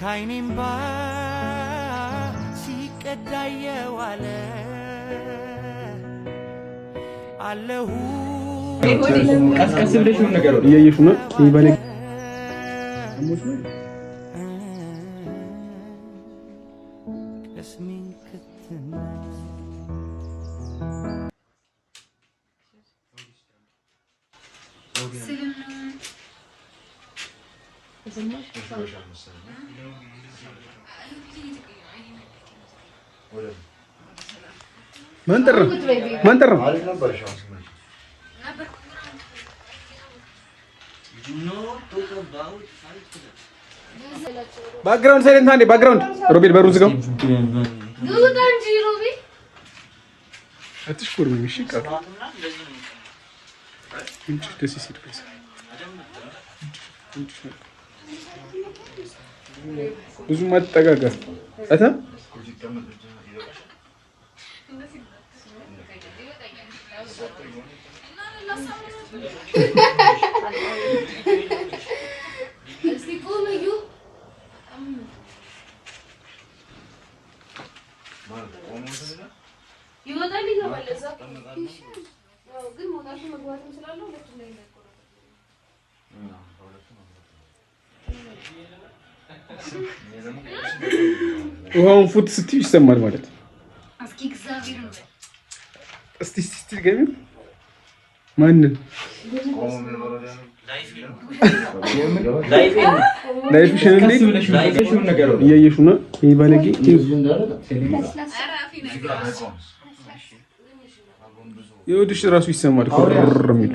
ካይኔምባ ሲቀዳ የዋለ አለሁ ቀስቀስ ብለሽ ምን ነገር እያየሽ ነው? ይበለ መንጥር ነው መንጥር ነው። ባክግራውንድ ሳይለንት አንዴ ባክግራውንድ ሮቤል በሩን ዝጋው። ደስ ብዙ አጠቃቀም አታ ውሃውን ፉት ስትዩ ይሰማል ማለት እስቲ ስቲ ገቢ ማንን ላይፍሽን እያየሹ ነው። ይህ ባለጌ የወድሽ እራሱ ይሰማል የሚል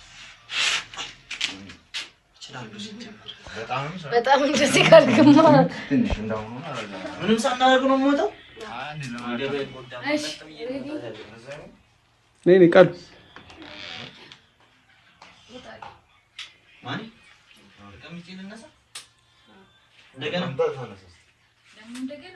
በጣም እንደዚህ ካልክማ ምንም ሳናደርግ ነው የምወጣው። ቃል እንደገና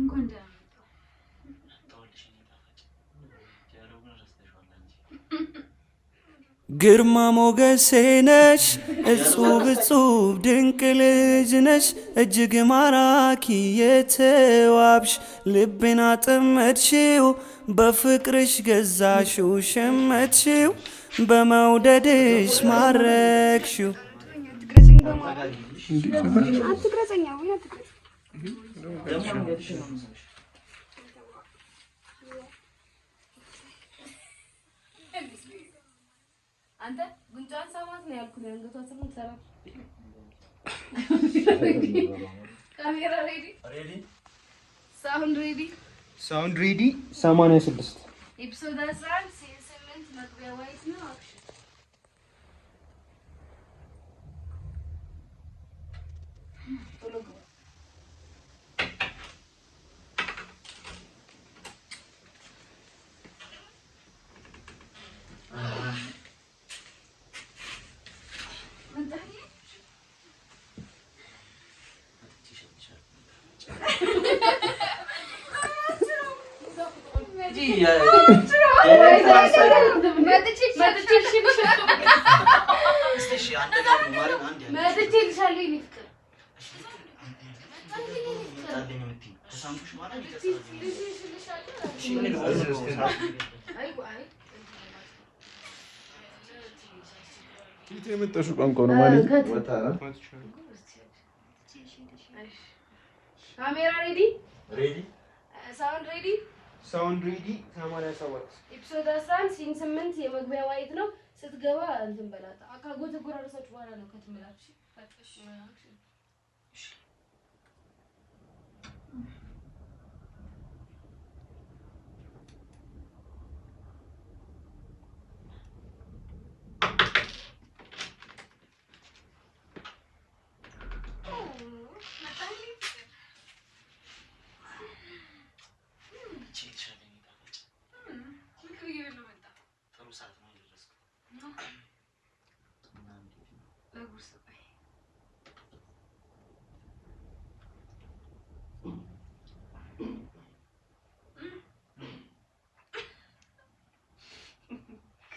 እንኳን ደህና ግርማ ሞገሴ ነሽ፣ እጹብ እጹብ ድንቅ ልጅ ነሽ፣ እጅግ ማራኪ የተዋብሽ፣ ልቤን አጥመድሽው፣ በፍቅርሽ ገዛሽው፣ ሸመትሽው፣ በመውደድሽ ማረክሽው። Tamam görüşürüz. አንተ ጉንጫን ሳማት ነው ያልኩህ። አንገቷ ስር ምትሰራ ካሜራ ሬዲ ሬዲ ሳውንድ ሬዲ ሳውንድ ሬዲ 86 ኤፒሶድ 11 ስምንት መግቢያ ዋይት ነው አክሽን ቶሎ የመጣሹ ቋንቋ ነው ማለት ሬዲ ሳውንድ ሪዲ 87 ኤፒሶድ 11 ሲን 8 የመግቢያ ዋይት ነው። ስትገባ እንትን በላታ አካጎት ጎራረሳችሁ በኋላ ነው ከትምላችሁ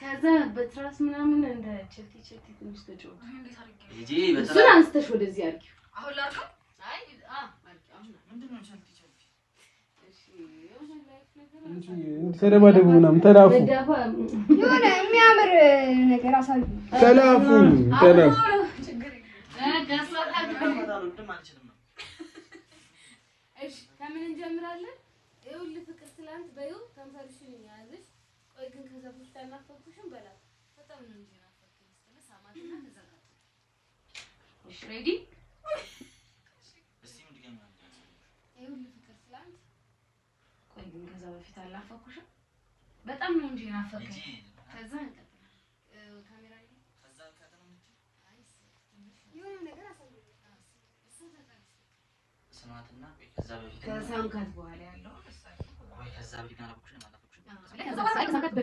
ከዛ በትራስ ምናምን እንደ ቸልቲ ቸልቲ ትንሽ ተጫወቱ። ልጄ እሱን አንስተሽ ወደዚህ አድርጊው። ተደባደቡ ምናምን ተላፉ፣ የሆነ የሚያምር ነገር አሳዩ። ተላፉ ተላፉ ምን እንጀምራለን? ይኸውልህ ፍቅር ትላንት በይው ከንፈርሽን ያዝሽ። ቆይ ግን ከዘፈሽ ታናፈኩሽም በላት በጣም ነው እንጂ ናፈኩኝ ስለ ሳማትና ተዘጋጀ። እሺ ሬዲ ግን ከዛ በፊት አላፈኩሽም በጣም ነው እንጂ ናፈኩኝ። ከዛ ካሜራ ነገር ስማትና ከሳምካት በኋላ ያለው ነው። እሷ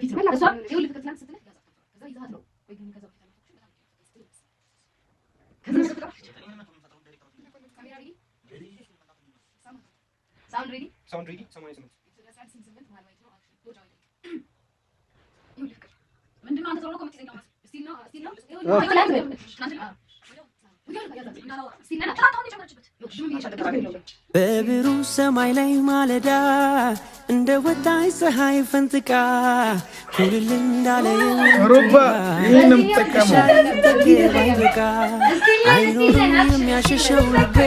ይኸውልህ ፍቅር ትናንት ስትልህ ነው ምንድን ነው በብሩህ ሰማይ ላይ ማለዳ እንደ ወጣይ ፀሐይ ፈንጥቃ ኩልል እንዳለ አይኖርም የሚያሸሸው ልቤ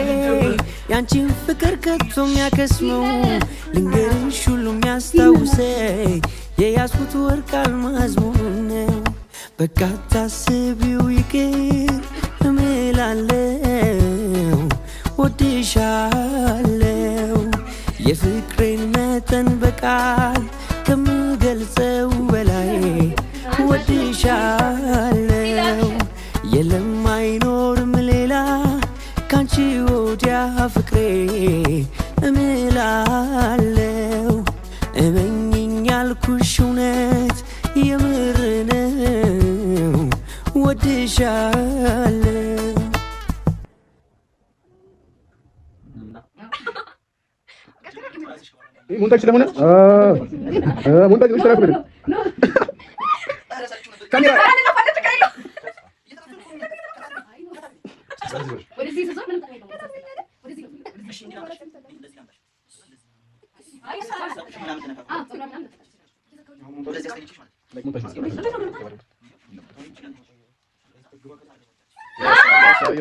ያንቺን ፍቅር ከቶ የሚያከስመው ልንገርሽ ሁሉ የሚያስታውሰ የያዝኩት ወርቅ አልማዝ መሆኑን ነው በቃ ይገኝ ወድሻለው የፍቅሬን መጠን በቃል ከምገልጸው በላይ ወድሻለው። የለም አይኖርም ሌላ ካንቺ ወዲያ ፍቅሬ እምላለው። እመኝኛል ያልኩሽ እውነት የምር ነው ወድሻለው ሙንታች ስለሆነ ሙንታች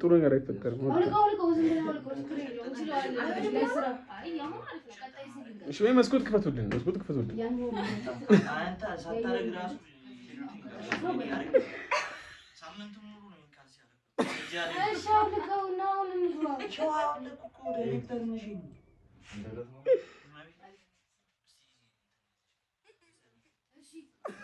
ጥሩ ነገር አይፈጠርም። ወይ መስኮት ክፈቱልን፣ መስኮት ክፈቱልን።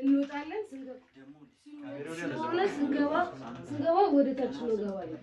እንወጣለን። ስንገባ ስንገባ ስንገባ ወደ ታች እንገባለን።